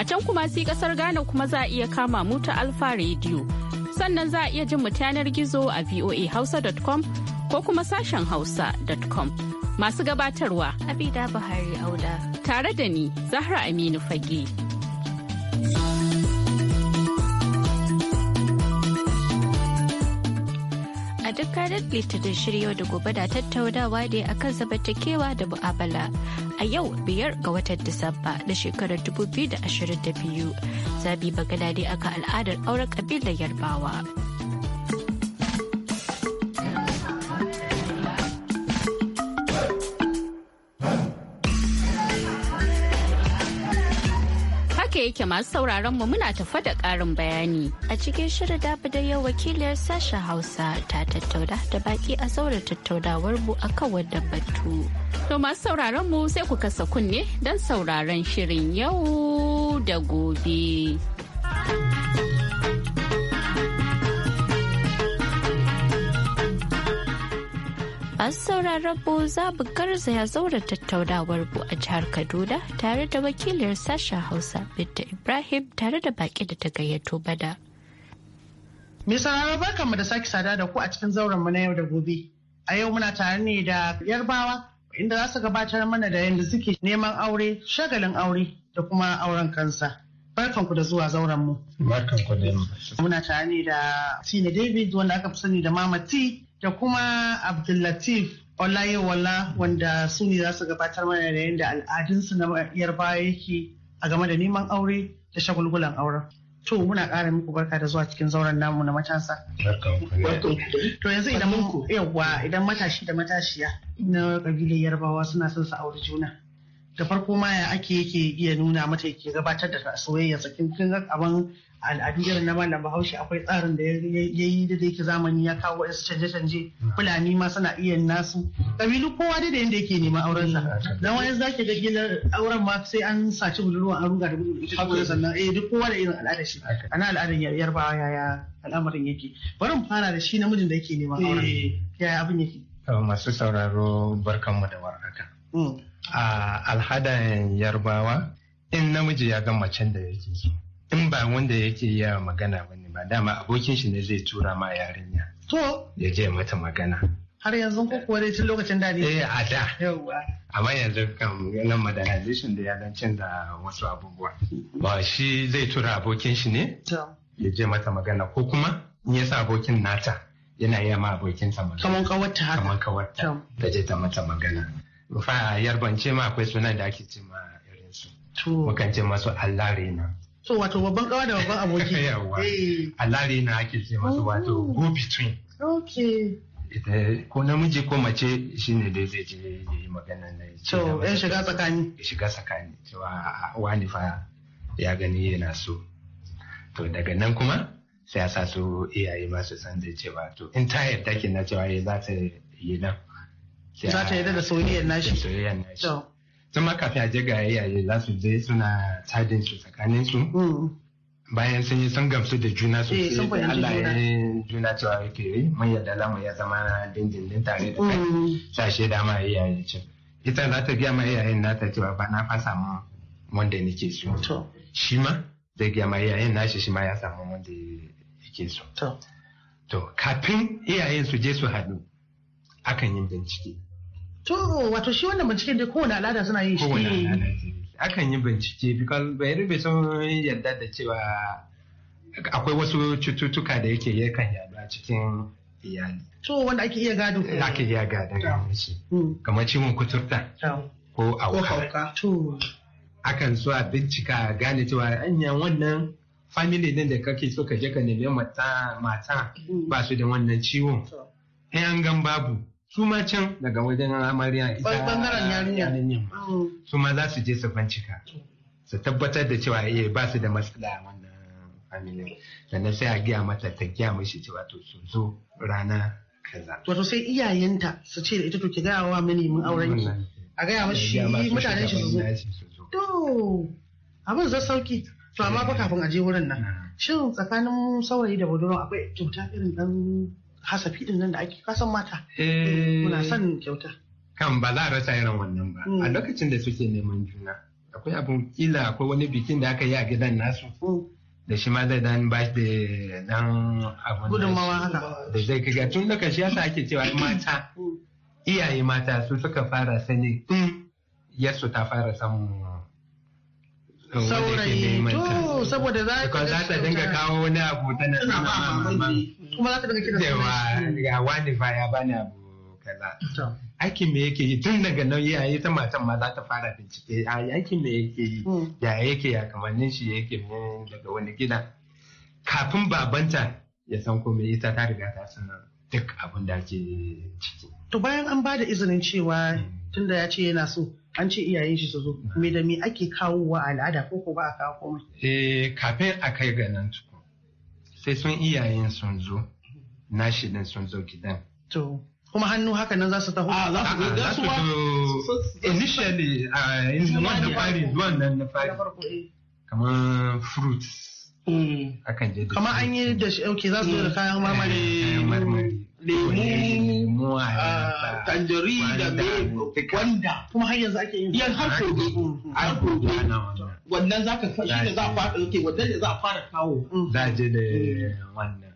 A can kuma si kasar Ghana kuma za a iya kama mu ta Alfa Radio. Sannan za a iya jin mu yanar gizo a voahausa.com ko kuma sashen hausa.com. Masu gabatarwa. Abida Buhari Auda. Tare da ni, Zahra Aminu Fage. Scarlett litinin da shirya da gobe da tattaunawa ne a kan zabatakewa da mu'amala a yau biyar ga watan Disamba na shekarar 2022. Zabi magana ne aka al'adar auren kabilar Yarbawa. da yake masu sauraron mu muna tafa da ƙarin bayani. A cikin shirin dafa da yau wakiliyar sashen Hausa ta tattauna da baki a saura tattaunawar mu kan wadda batu. To masu sauraron mu sai ku kasa kunne don sauraron shirin yau da gobe. masu sauraron mu za mu garzaya zauren tattaunawar mu a jihar kaduna tare da wakiliyar sashen hausa binta ibrahim tare da baki da ta gayyato bada. mai sauraro mu da sake sada da ku a cikin zauren mu na yau da gobe a yau muna tare ne da yarbawa inda za su gabatar mana da yadda suke neman aure shagalin aure da kuma auren kansa barkanku da zuwa zauren mu muna tare ne da tina david wanda aka fi sani da mama t da kuma Abdullatif Olayewala wanda su ne za su gabatar mana da yadda al'adunsu na yarbawa yake a game da neman aure da shagulgulan auren. To muna ƙara muku barka da zuwa cikin zauren namu na matasa. To yanzu idan matashi da matashiya na kabilar yarbawa suna son su aure juna. da farko ma ya ake yake iya nuna mata yake gabatar da soyayya tsakin kin ga abin al'adu irin na malam bahaushe akwai tsarin da ya yi da yake zamani ya kawo wasu canje-canje hmm. fulani ma suna iya nasu kabilu kowa da yadda yake neman auren sa dan wani zaki ga gina auren ma sai an saci budurwa an ruga da gudu sannan eh duk kowa da irin al'adar shi ana al'adar yarbawa yaya al'amarin yake bari mu fara da shi namijin da yake neman auren eh. yaya abin yake masu sauraro barkanmu da warhaka hmm. a alhadan yarbawa in namiji ya ga macen da yake so in ba wanda yake yawa magana ne ba dama abokin shi ne zai tura ma yarinya to ya je mata magana har yanzu ko kuwa dai tun lokacin da ne eh a da yawa amma yanzu kan nan modernization da ya dan canza wasu abubuwa ba shi zai tura abokin shi ne ya je mata magana ko kuma in ya sa abokin nata yana yi ma abokinsa magana kamar kawarta haka kamar kawarta ta je ta mata magana fa a yarbance ma akwai sunan da ake ce ma irin su mukan ce masu allare na so wato babban kawa da babban aboki yawa eh. allare na ake ce masu wato go between okay ita ko namiji ko mace shine dai zai je ya yi magana na to yan shiga tsakani ya shiga tsakani cewa wani fa ya gani yana so to daga nan kuma sai a sa su iyaye masu san zai cewa to in ta yarda kenan cewa eh za ta yi nan za ta soyayyar nashi soyayyar nashi ma kafin a je ga yayaye za su je suna tadin su tsakanin su mm. bayan sun yi sun gamsu da juna eh, sosai da Allah ya juna cewa yake yi mun yarda lamu ya zama na dindindin tare da kai mm. sashe da ma yayaye ce ita za ta gaya ma na ta cewa ba na fa samu wanda nake so shi ma zai gaya ma yayayen na shi ma ya samu wanda yake so to kafin iyayen su je su haɗu akan yin bincike To wato shi wannan binciken dai kowane al'ada suna yin shi. Kowane al'ada akan yi bincike because bai bai sun yarda da cewa akwai wasu cututtuka da yake yakan yadu a cikin iyali. To wanda ake iya gado. Ake iya gado shi. Hmm. Kamar ciwon kuturta. Ko auka. To. Akan so a bincika gane cewa anya wannan family din da kake so ka je ka nemi mata mata hmm. ba su da wannan ciwon. Sai an gan babu. su ma can daga wajen amarya ita bangaren yarinya mm. su ma za su je su bincika su tabbatar da cewa eh ba su da matsala wannan familin sannan sai a giya mata ta giya mishi cewa to su zo rana kaza wato sai iyayenta su ce da ita to ki gaya wa mini mun auren ki a gaya shi, mutanen shi su zo to abin zai sauki to amma fa kafin a je wurin nan mm. shin tsakanin saurayi da budurwa akwai cuta irin dan hasafi din nan da ake kasan mata eh. muna son kyauta kan ba za a rasa irin wannan ba a hmm. lokacin da suke neman juna akwai abun kila akwai wani bikin da aka yi a gidan nasu hmm. da shi ma zai dan bashi da dan gudunmawa haka da zai kiga tun daga shi yasa ake cewa mata hmm. iyaye mata su suka fara sani tun yasu ta fara samun saurayi to saboda za ka za ta dinga kawo wani abu tana kuma za ta dinga kira cewa ga wani fa ya bani abu kaza aikin me yake yi tun daga nauyi a yi ta matan ma za ta fara bincike A aiki me yake yi hmm. ya yake ya kamannin shi yake mu daga wani gida kafin babanta ya san komai ita ta riga ta san duk abin da ake ciki to bayan an ba da izinin cewa hmm. tunda ya ce yana so an ce iyayen shi su zo me da me ake wa al'ada ko ko ba a kawo komai eh kafin a kai ga nan tuku sai sun iyayen sun zo shi din sun zo gidan to kuma hannu haka nan za su taho a ah, za su da ah, su initially a ah, wannan fari nan na fari eh. kamar fruits eh. akan je kamar an yi da shi okay za su zo da kayan marmari eh, lemu tanjari da bebe wanda kuma har yanzu ake yin yan har kogo har kogo wannan zaka fashi da za a fara ke wannan da za a fara kawo da mm. je da mm. wannan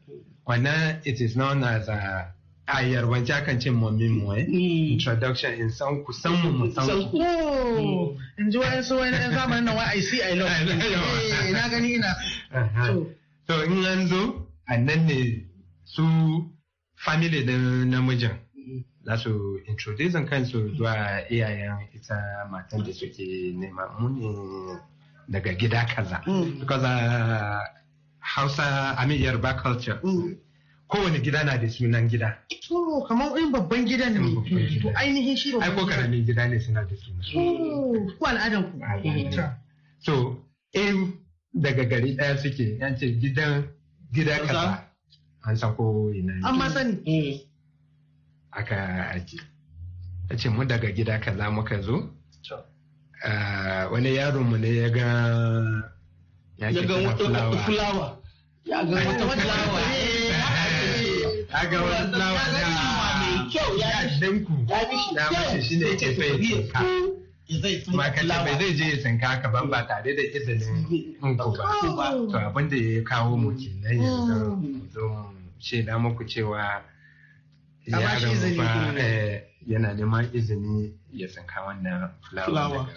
wannan it is known as a a yarbanci akan ce momin mu eh? mm. introduction in san ku san mu mu san ku oh, in ji wani su wani zamanin na i see i love eh, na gani ina uh-huh. so in an zo a ne su family din namijin mm. za su introduce kansu zuwa iyayen ita matan da suke nema muni daga gida kaza. Mm. Because uh, Hausa, Amin yarba culture. Mm. kowane gida na da sunan gida. To kamar in babban gida ne. To ainihin shi babban gida. Ai ko karamin gida ne suna da sunan. Ko al'adan ku. So in daga gari ɗaya suke yance gidan gida kaza. an sako ina an ma sani eh. aka aji ta ce mu daga gida kaza muka zo ah, wani yaron mu ne ya ga ya ga fulawa ya ga wata fulawa eh, ya ga wata fulawa ya danku ya ga wata ne ya Ya ga eh. makace zai je ya tsinka ka ban ba tare da izinin ku ba to abin da ya kawo mu mm. nan yanzu don mm. shaida muku cewa yaron fa eh, yana neman izini ya tsinka wannan fulawa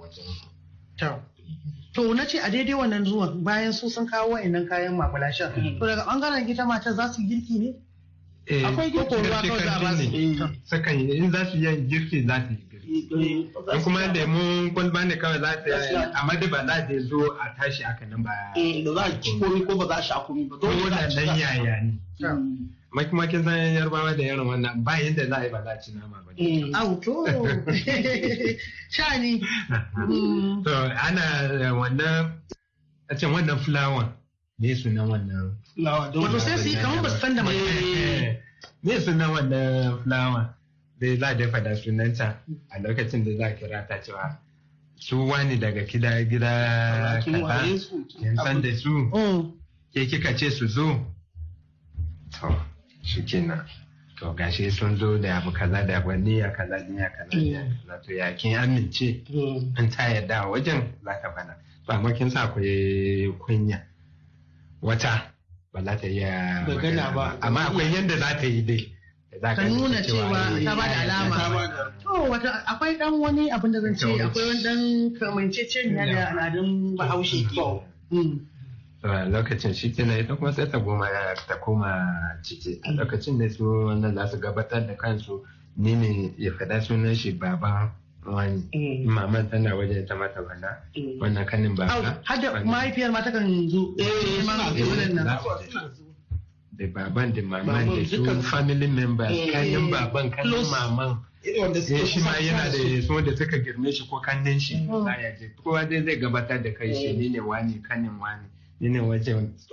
wajen to na ce a daidai wannan zuwan bayan su sun kawo wa'annan kayan makulashen mm. to daga bangaren gita mata za su girki ne eh, akwai girki ne, ruwa kawai za a ba su in za su yi girki za su yi Eh, kuma da mu kwalba ne kawai za ta a madu ba za ta zo a tashi haka nan ba da eh, za a ci komi ko ba za a sha komi ba dole za a ci yaya ne hmm. makimakin zanen yarbawa da yaron wannan ba yadda za a yi ba za a ci nama ba A hmm. au to shani hmm. to ana eh, wannan a ce wannan fulawan ne sunan wannan fulawa wato sai su yi kamar ba su san da mai ne sunan wannan fulawan dai za da faɗa sunanta a lokacin da za kira ta cewa su wani daga gida gida kaza san da su mm. ke kika ce su zo to shi kenan to gashi sun zo da abu kaza da abu ya kaza ya kaza niyya mm. kaza to ya kin amince mm. in ta yadda a wajen za ka bana to amma kin sa akwai kunya wata ba za ta iya magana ba amma akwai yadda za ta yi dai ta nuna cewa eh, ta ba da alama to wata akwai dan wani abin da zan ce akwai wani dan kamanceceniya da al'adun bahaushe ke oh. mm. lokacin shi ke ita kuma sai ta goma ta koma ciki a lokacin da su wannan za su gabatar da kansu ni ne ya faɗa sunan shi baba wani eh. maman tana wajen ta mata bana eh. wannan kanin baba har da mahaifiyar ma ta kan zo eh ma wannan da baban da maman da su family members eh, kayan eh, baban kayan maman ya eh, shi ma yana da yaso da suka girme shi ko kanin shi mm. ya kowa dai zai gabatar da kai shi ne wani kanin wani ne ne waje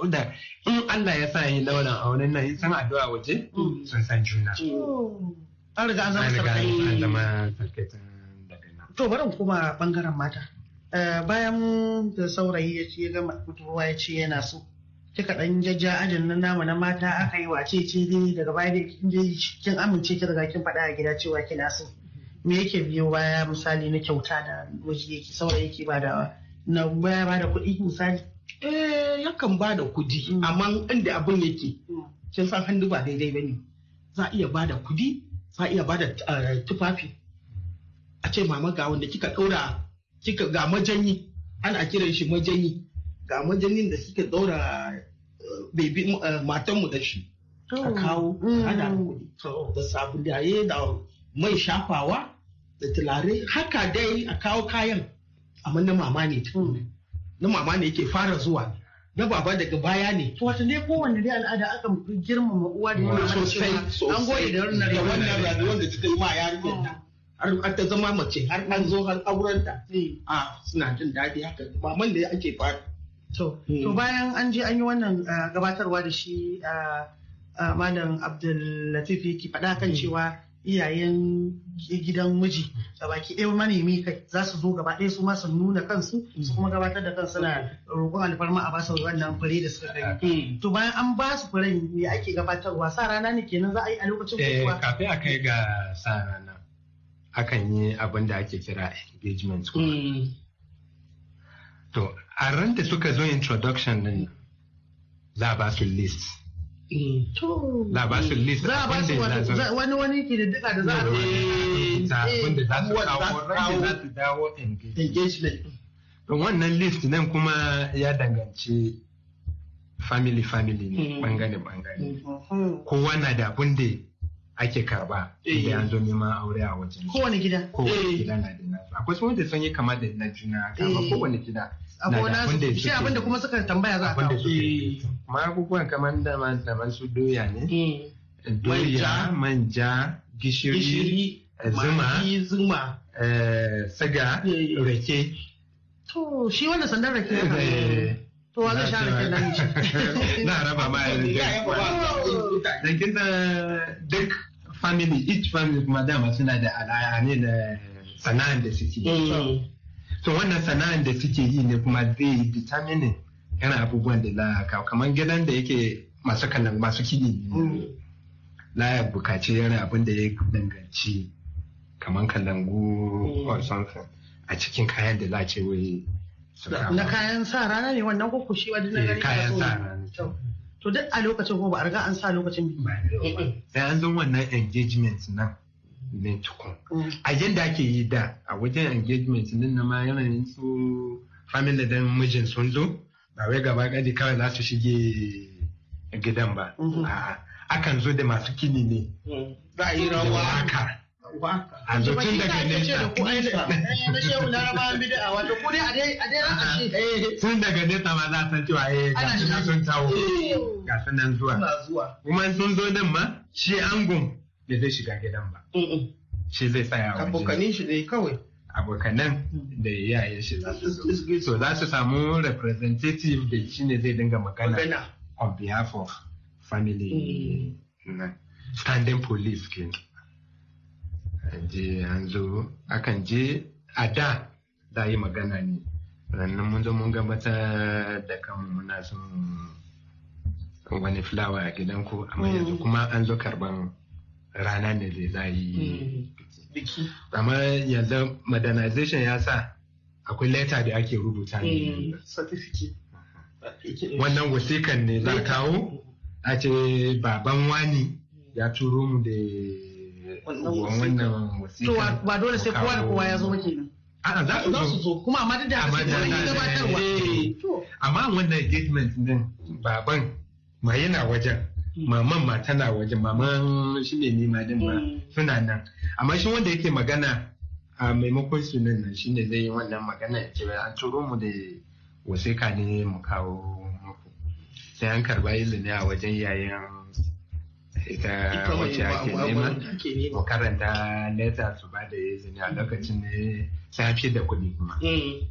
da in Allah ya sa yi a wani nan in san addu'a waje mm. sun san juna mm. an riga an zama sarkai to barin kuma bangaren mata bayan da saurayi ya ce ya gama fitowa ya ce yana so kika ɗan jajja ajin na namu na mata aka yi wace ce ne daga baya da kin amince ki riga kin faɗa a gida cewa kina so me yake biyo baya misali na kyauta da waje yake saura yake badawa na baya bada kuɗi misali eh yakan da kuɗi mm. amma inda abin yake mm. kin san hannu ba daidai ba ne, za iya ba da kuɗi za iya ba da eh, tufafi a ce mama ga wanda kika ɗaura kika ga majanyi ana kiran shi majanyi ga majanin da suke daura eh, eh, matanmu da shi a oh. kawo mm. hada kuɗi da sabulaye da mai shafawa da tulare haka dai a kawo kayan amma na mama ne mm. na mama ne yake fara zuwa na baba daga baya ne. wata ne kowanne dai al'ada aka ma uwa da yana sosai an goyi da wannan da wanda rayuwar da ta yi ma yarinyar har ta zama mace har an zo har aurenta. Eh. A ah, suna jin dadi haka maman da ake fara. To, mm. to bayan an je an yi wannan uh, gabatarwa da shi a uh, uh, Malam Abdul Latif yake faɗa kan mm. cewa iyayen gidan miji da mm. baki ɗaya manemi kai za su zo gaba ɗaya su ma su nuna kansu su kuma gabatar da kansu na roƙon alfarma a basu wannan fure da suka gani to bayan an ba su furen me ake gabatarwa sa rana ne kenan za a yi a lokacin kuwa eh, kafin a kai ga sa rana akan yi abin da ake kira engagement a ran da suka zo introduction din za a ba su list eh, za a ba su list za a ba su wani wani kididdiga da za a wanda eh, eh, za su kawo ran da za su dawo engagement don wannan list nan kuma ya danganci family family ne hmm. bangare bangare hmm. kowa na da abin da ake karba da an zo neman aure a wajen kowane gida kowane gida na da nasu akwai wanda sun yi kama da na juna kama kowane gida akwai nasu shi abinda kuma suka tambaya za a kawo magungunan kamar daban daban su doya ne eh. doya manja gishiri eh, zuma eh, saga rake to shi wanda sandan rake ya to wa zai sha rake nan shi na raba ma yanzu da kin da duk family each family kuma dama suna da alaya ne da sana'ar da suke to wannan sana'an da suke yi ne kuma zai determine yana abubuwan da za kawo kamar gidan da yake masu kallon masu ne na mm. ya bukaci yana abin da ya danganci kamar kalangu mm. or something a cikin kayan da za a ce wai na kayan sa rana ne wannan ko kushi wa na eh, gari kayan sa rana to duk a lokacin ko ba a riga an sa lokacin ba sai an zo wannan engagement nan ne tukun mm. a yadda ake yi da a wajen engagement din na ma yanayin su family din mijin sun zo ba wai gaba gadi kawai za su shige gidan ba mm-hmm. akan zo da masu kini ne mm. za a yi rawa haka a zo tun daga nesa tun daga nesa ma za a san cewa eh ga sun tawo eh. ga nan zuwa kuma sun zo din ma shi angon da zai shiga gidan ba. Shi zai tsaya waje. Abokanin shi ne kawai. Abokanan mm. da yaye shi za su zo. So za su samu representative da shi ne zai dinga magana on behalf of family. Mm. Standing police ke. Je an zo akan je a da da yi magana ne. Rannan mun zo mun gabatar da kanmu muna son wani fulawa a gidanku amma yanzu mm. kuma an zo karban rana ne da za yi hmm. amma yanzu modernization ya sa akwai leta da ake rubuta ne hmm. wannan wasikan ne za kawo a ce baban wani hmm. ya turo mu da wannan wasikan ba dole sai kowa da kowa ya zo ke kenan A'a za su zo kuma amma da haka sai gabatarwa. Eh. Amma wannan engagement din baban ma yana wajen. maman ma tana waje maman shi ne nima din ma mm. suna nan amma shi wanda yake magana a maimakon su nan shi ne zai yi wannan magana ya ce an turo mu da wasika ne mu kawo muku sai an karba izini a wajen yayin ita wacce ake nema mu karanta leta su ba da izini a mm. lokacin ne fi da kuɗi kuma mm.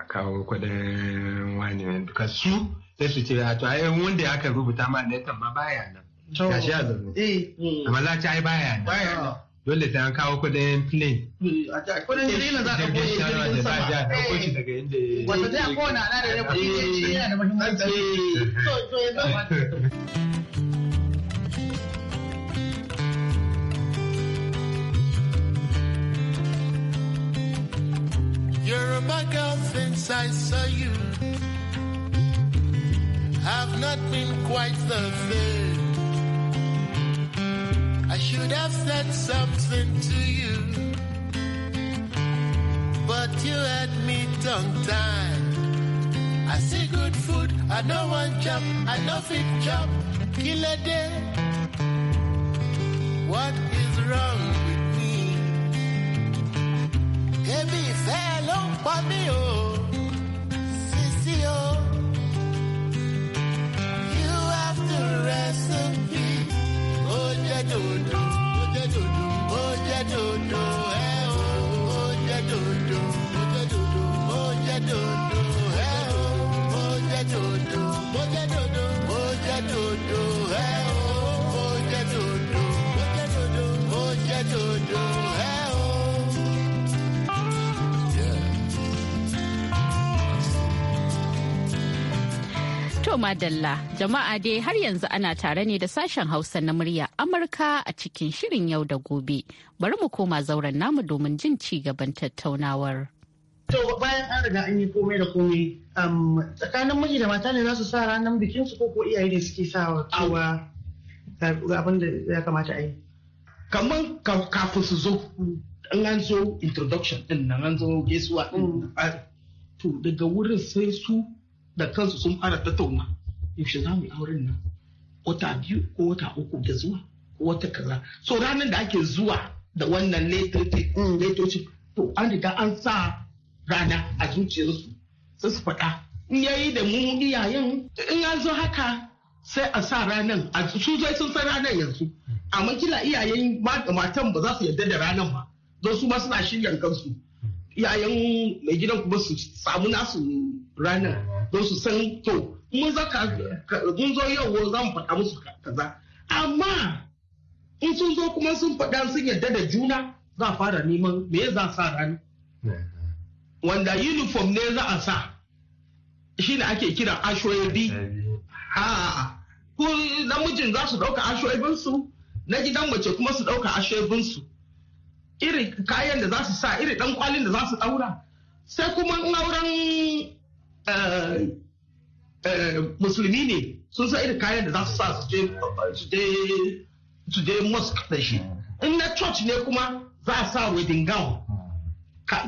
a kawo kuɗin wani duka su sai su ce ah, to ai wanda aka rubuta ma baya nan a zaune eh. amma za ai baya nan baya nan dole sai kawo kudin plane kudin jirgin za ka koyi jirgin shi daga eh. inda wata da kudi ne da muhimmanci eh. to to yanzu You're my girl since I saw you. have not been quite the same. I should have said something to you, but you had me tongue-tied. I see good food, I know one chop, I know fit chop, kill a day. What is wrong with me? Baby, say hello me, oh. To Madalla, jama'a dai har yanzu ana tare ne da sashen Hausa na murya Amurka a cikin shirin yau da gobe. Bari mu koma zauren namu domin jin ci gaban tattaunawar. To bayan an riga an yi komai da komai, um, tsakanin miji da mata ne za su sa ranar bikin su ko ko iyaye ne suke sawa cewa abin da ya kamata a yi. Kamar kafin su zo, an an zo introduction din nan an zo gaisuwa din mm. to daga wurin sai su da kansu sun fara tattauna yaushe za mu yi auren nan wata biyu ko wata uku da zuwa ko wata kaza so ranar da ake zuwa da wannan letoci mm, to an riga an sa rana a zuciyarsu sai su faɗa in yayi da mu iyayen in an zo haka sai a sa ranar a su zai sun san ranar yanzu amma kila iyayen matan ba za su yarda da ranar ba don su ma suna shiryan kansu iyayen mai gidan kuma su samu nasu ranar don su san to mun zo yau za mu faɗa musu kaza amma in sun zo kuma sun faɗa sun yarda da juna za a fara neman me za a sa rani wanda uniform ne za a sa shi ne ake kira ashoebi a ko namijin za su ɗauka ashoebinsu na gidan mace kuma su ɗauka ashoebinsu irin kayan da za su sa irin ɗan kwalin da za su ɗaura sai kuma in auren Eh, eh, musulmi ne sun sa irin kayan da za su sa su je mosque da shi in na church ne kuma za a sa wedding gown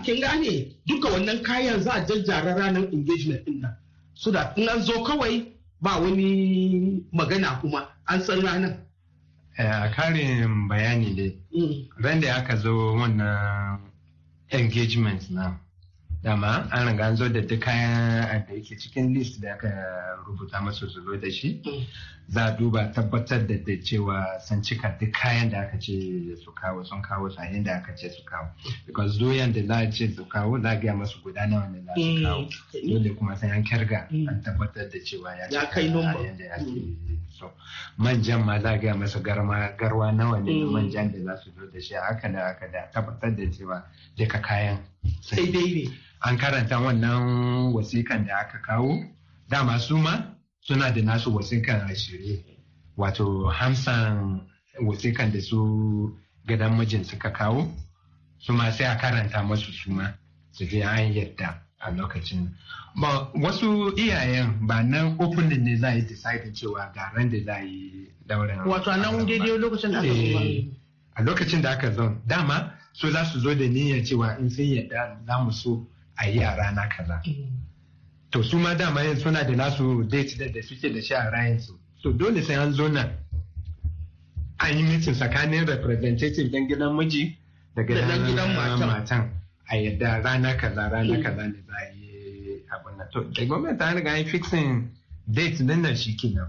kin gane duka wannan kayan za a jajjara ranar engagement din nan so da in an zo kawai ba wani magana kuma an san ranar eh, a karin bayani dai mm. ran da aka zo wannan engagement na dama an riga zo da duk kayan da yake cikin list da aka rubuta masu su da shi mm. za a duba tabbatar da cewa sun cika duk kayan da aka ce su kawo sun kawo su da aka ce su kawo because doyan da za a ce su kawo za a gaya masu guda nawa ne za su kawo eh, dole kuma sai an kyarga mm. an tabbatar da cewa ya cika yayin da ya ke mm. so manjan ma za a gaya masu garwa nawa ne mm. manjan da za su zo da shi haka da haka da tabbatar da cewa duka kayan sai dai ne an karanta wannan wasikan da aka kawo dama su ma suna da nasu wasiƙan a shirye wato hamsan wasiƙan da su gadon mijin suka kawo su ma sai a karanta masu suma su je an yadda a lokacin ba wasu iyayen ba nan opening ne za a yi decide cewa ga ran da za a yi daurin wato a nan daidai lokacin da aka zo eh, a lokacin da aka zo dama so za su zo da niyyar cewa in sun yadda za mu so a yi a rana kaza eh. to su ma dama yin suna da nasu date da suke da shi a rayansu to dole sai an zo nan an yi mitin tsakanin representative dan gidan miji da gidan matan a yadda rana kaza rana kaza ne za a yi abin nan to da gwamnati an riga an fixing date din nan shi kenan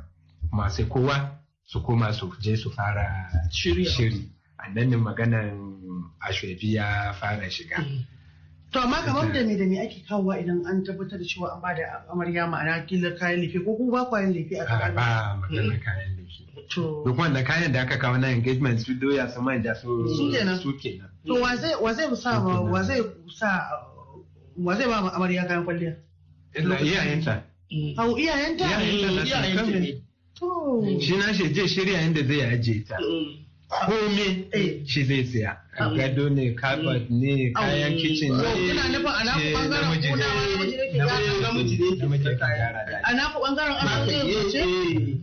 masu kowa su koma su je su fara shiri a nan maganan ashwebi ya fara shiga eh. To amma kamar da me da me ake kawowa idan an tabbatar da cewa an bada amarya ma'ana kila kayan lefe ko kuma ba kayan lefe a kan ba magana kayan lefe. To duk wanda kayan da aka kawo na engagement su doya su manja su su kenan. To wa zai wa zai sa wa zai sa wa zai ba amarya kayan kwalliya? Iyayenta. Hau mm. iyayenta? Iyayenta na su kan. To. Shi na shi je shirya inda zai ajiye ta. Mm. komi eh. shi zai tsaya gado ne carpet mm. ne kayan kitchen ne kuna nufin a naku bangaren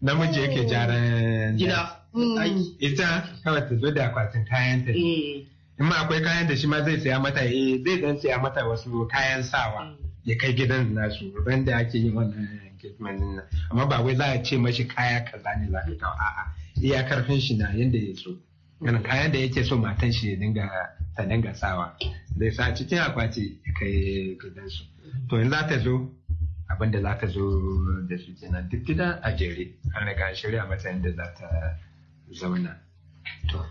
namiji ne namiji ne a naku eh, eh. yake jaran oh. gida mm. Mm. ita kawai ta zo da akwatin kayan ta in ma akwai kayan da shi ma zai saya mata eh zai dan saya mata wasu kayan sawa ya kai gidan nasu ban da ake yi wannan engagement amma ba wai za a ce mashi kaya kaza ne za ka kawo a'a iya karfin shi na yadda ya so ganin kayan da yake so matan shi ya dinga ta dinga sawa zai sa cikin akwati ya kai gidansu to in za ta zo abin da za ta zo da su kenan duk gida a jere an riga shirya masa yadda za ta zauna to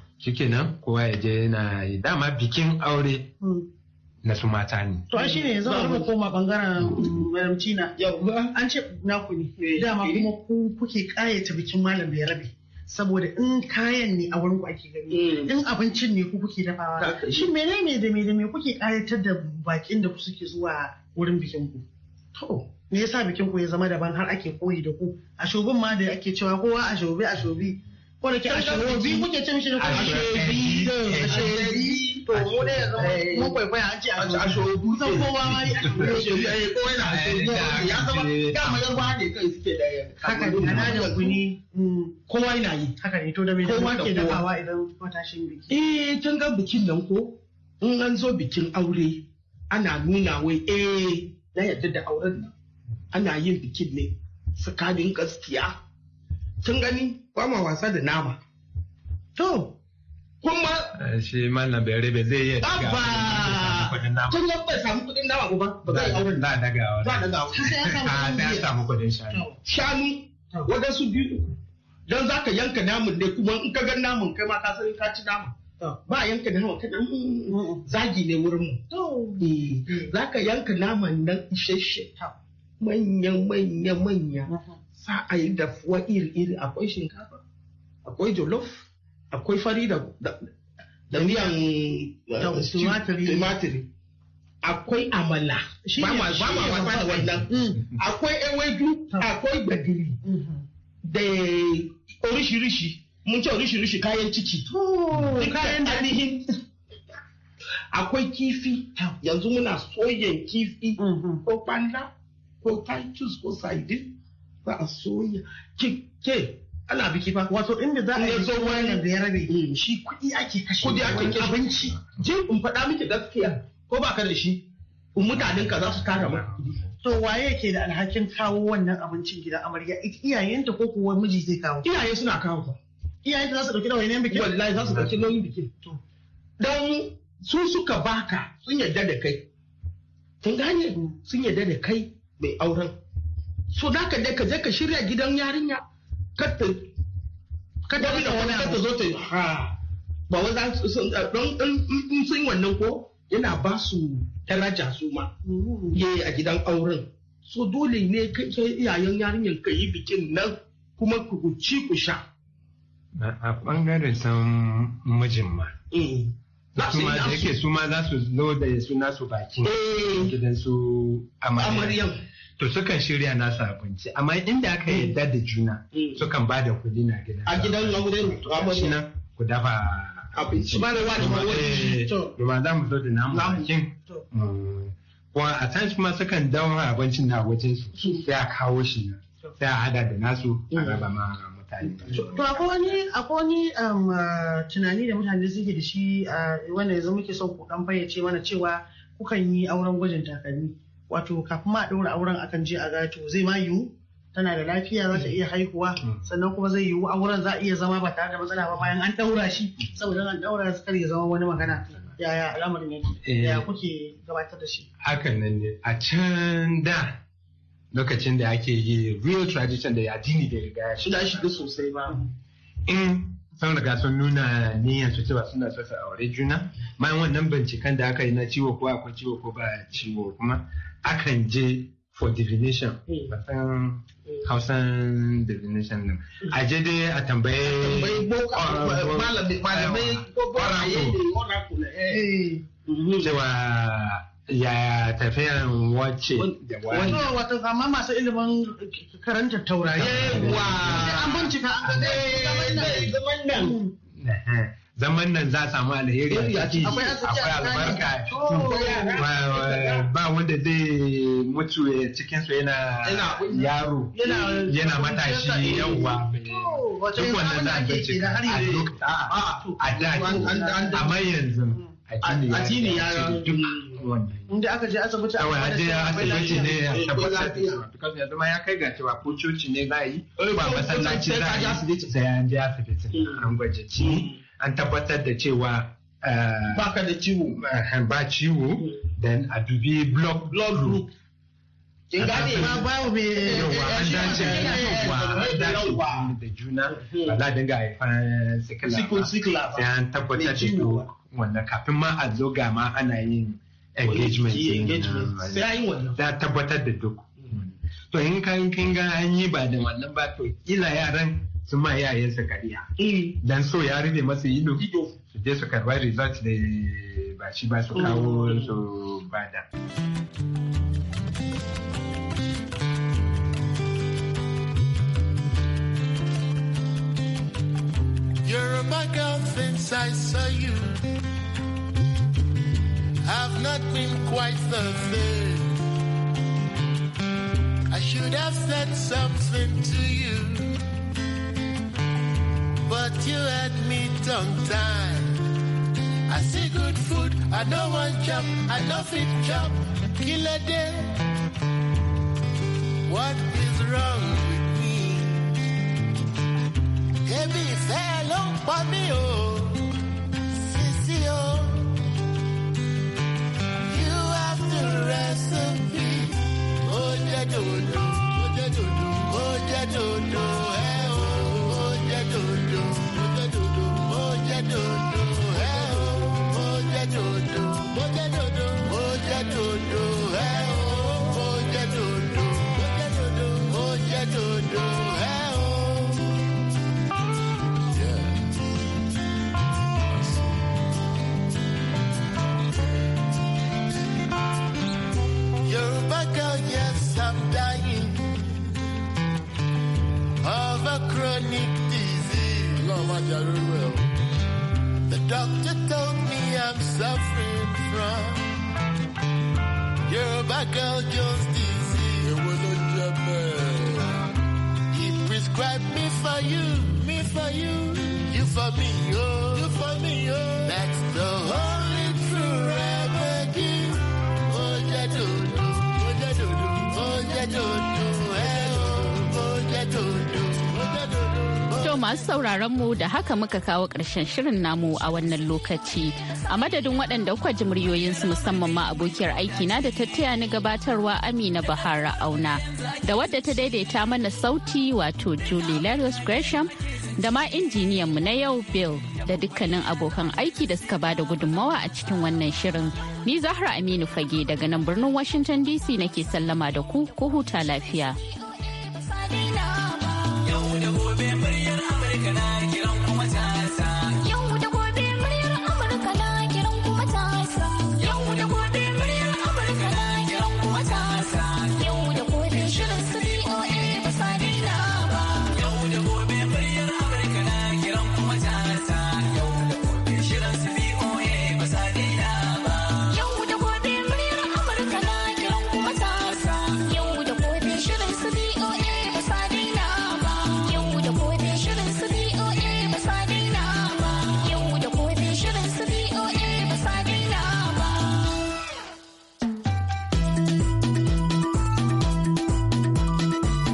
nan kowa ya je yana yi dama bikin aure hmm. na su mata ne. To shi ne zama bari mu koma bangaren malamci na yau an ce naku ne eh, dama eh. kuma kuke kayata bikin malam da ya rabe. saboda in kayan ne a wurin ku ake gani mm. in abincin ne ku kuke dafawa shin menene da me da me kuke kayatar da bakin da ku suke zuwa wurin bikin ku to me yasa bikin ku ya zama daban har ake koyi da ku a shobin ma da ake cewa kowa a shobi a shobi ko da ke a shobi kuke cin shi da ku a shobi a shobi to mu ne yanzu ce a shogu san kowa ma ya shogu ko yana a shogu ya zama dama yarwa ne kai suke da haka ne ana da kuni kowa yana yi da kowa bikin nan in an zo bikin aure ana nuna wai eh na yadda da auren nan ana yin bikin ne tsakanin gaskiya Tun gani kwama wasa da nama to kuma eh, shi mallam bere ba zai yi abba tun ga bai samu ah, kudin nama ba ba zai auren da dagawa da dagawa sai ya samu kudin shanu shanu wadansu biyu dan zaka yanka namun ne kuma in ka ga namun kai ma ka san ka ci namun ba yanka nama ka dan mm, mm, mm, zagi ne wurin mu eh, zaka yanka naman nan isasshe manya manya manya sa a yi dafuwa iri iri akwai shinkafa akwai jollof akwai fari da da miyan eh, tumatiri akwai amala ba ma wasa da wannan mm. akwai ewedu akwai gbagiri mm-hmm. da eh, orishirishi mun ce orishirishi kayan ciki kayan ainihin akwai kifi yanzu muna soyan kifi mm-hmm. ko kwanda ko titus ko saidi, ba a soya kike ana biki ba wato inda za a yi zo wani da ya rabe eh, shi kuɗi ake kashe kuɗi ake kashe abinci je in faɗa miki gaskiya ko ba ka da shi mutanen ka za su tara ma? So to waye ke da alhakin kawo wannan abincin gida amarya iyayenta ko kuwa miji zai kawo iyaye suna kawo ka iyaye za su dauki da wayannan bikin wallahi za su dauki nauyin bikin to dan su suka baka sun yarda da kai kun gane sun yarda da kai mai auren so da ka je ka shirya gidan yarinya kata kata wani kata zo ta ha ba wai za su don in sun wannan ko yana ba su daraja su ma ye a gidan auren so dole ne kai iyayen yarinyar ka yi bikin nan kuma ku ci ku sha a bangaren san mijin ma mm. kuma da yake su ma za su zo da su nasu bakin eh. gidan su amaryan to sukan shirya nasu abinci amma inda aka yadda da juna mm. sukan ba da kuɗi na gida a gidan london to na ku dafa abinci ba da wa da wani eh, to ba za mu zo da namu cikin mm. kuma a can kuma sukan dawo abincin na wajen su mm. sai a kawo shi na sai a hada da nasu a raba ma mutane to akwai wani um, uh, tunani da mutane suke da shi uh, wanda yanzu muke son ku dan fayyace mana cewa kukan yi auren gwajin takalmi wato kafin ma a ɗaura auren akan je a gato zai ma yiwu tana da lafiya za ta iya haihuwa mm. Mm. sannan kuma zai yiwu auren za a iya zama ba tare da matsala ba bayan an ɗaura shi saboda an ɗaura kar ya zama wani magana yaya al'amarin yake eh. ya kuke gabatar da shi hakan nan ne a can da lokacin da ake yi real tradition da addini da riga shi da shi sosai ba in sun riga sun nuna niyyar su cewa suna so aure juna bayan wannan binciken da aka yi na ciwo ko akwai ciwo ko ba ciwo kuma akan je for divination matsayin hmm. hausan hmm. divination din a je dai a tambaye malamai cewa ya tafiyan wacce da wani wata zama masu ilimin karanta taurari wa an bincika an ga zaman nan zaman nan za a samu alheri a ciki akwai albarka ba wanda zai mutu cikin su yana yaro yana matashi yawwa duk wannan za a bincike ah, a da mm. a yanzu a cini ya inda aka je asibiti a wani asibiti ne a eh, tabbatar da yanzu ma ya kai ga cewa ko coci ne za a yi ba eh, masallaci za a yi sai an je asibiti mm. an gwaje ci an tabbatar da cewa eh, baka da ciwo eh, ba ciwo dan a dubi block block group kin gane ba ba me yawa an dace yawa an dace da juna Allah hmm. za dinga haifan sikila eh, sikila sai an tabbatar da ciwo wannan kafin ma a zo ga ma ana yin engagement sai wannan da tabbatar da duk to in kan kin ga an yi ba da wannan ba to ila yaran sun ma kariya eh, dan so ya masa ido su je su karba result da ba shi ba su kawo su bada. You're my girl since I saw you. I've not been quite the same. I should have said something to you but you had me tongue tied. I see good food, I know one chop, I know fit chop, kill a day. What is wrong with me? Heavy fellow, for me, oh, sissy, oh. You have the recipe, oh, yeah, do, do, oh, yeah, do, do, oh, yeah, do, do. girl, masu sauraron mu da haka muka kawo ƙarshen shirin namu a wannan lokaci. A madadin waɗanda kuka ji muryoyinsu musamman ma abokiyar aiki na da ta taya ni gabatarwa Amina Bahara Auna. Da wadda ta daidaita mana sauti wato Julie Larios Gresham da ma injiniyan mu na yau Bill da dukkanin abokan aiki da suka bada gudunmawa a cikin wannan shirin. Ni Zahra Aminu Fage daga nan birnin Washington DC nake sallama da ku, ku huta lafiya.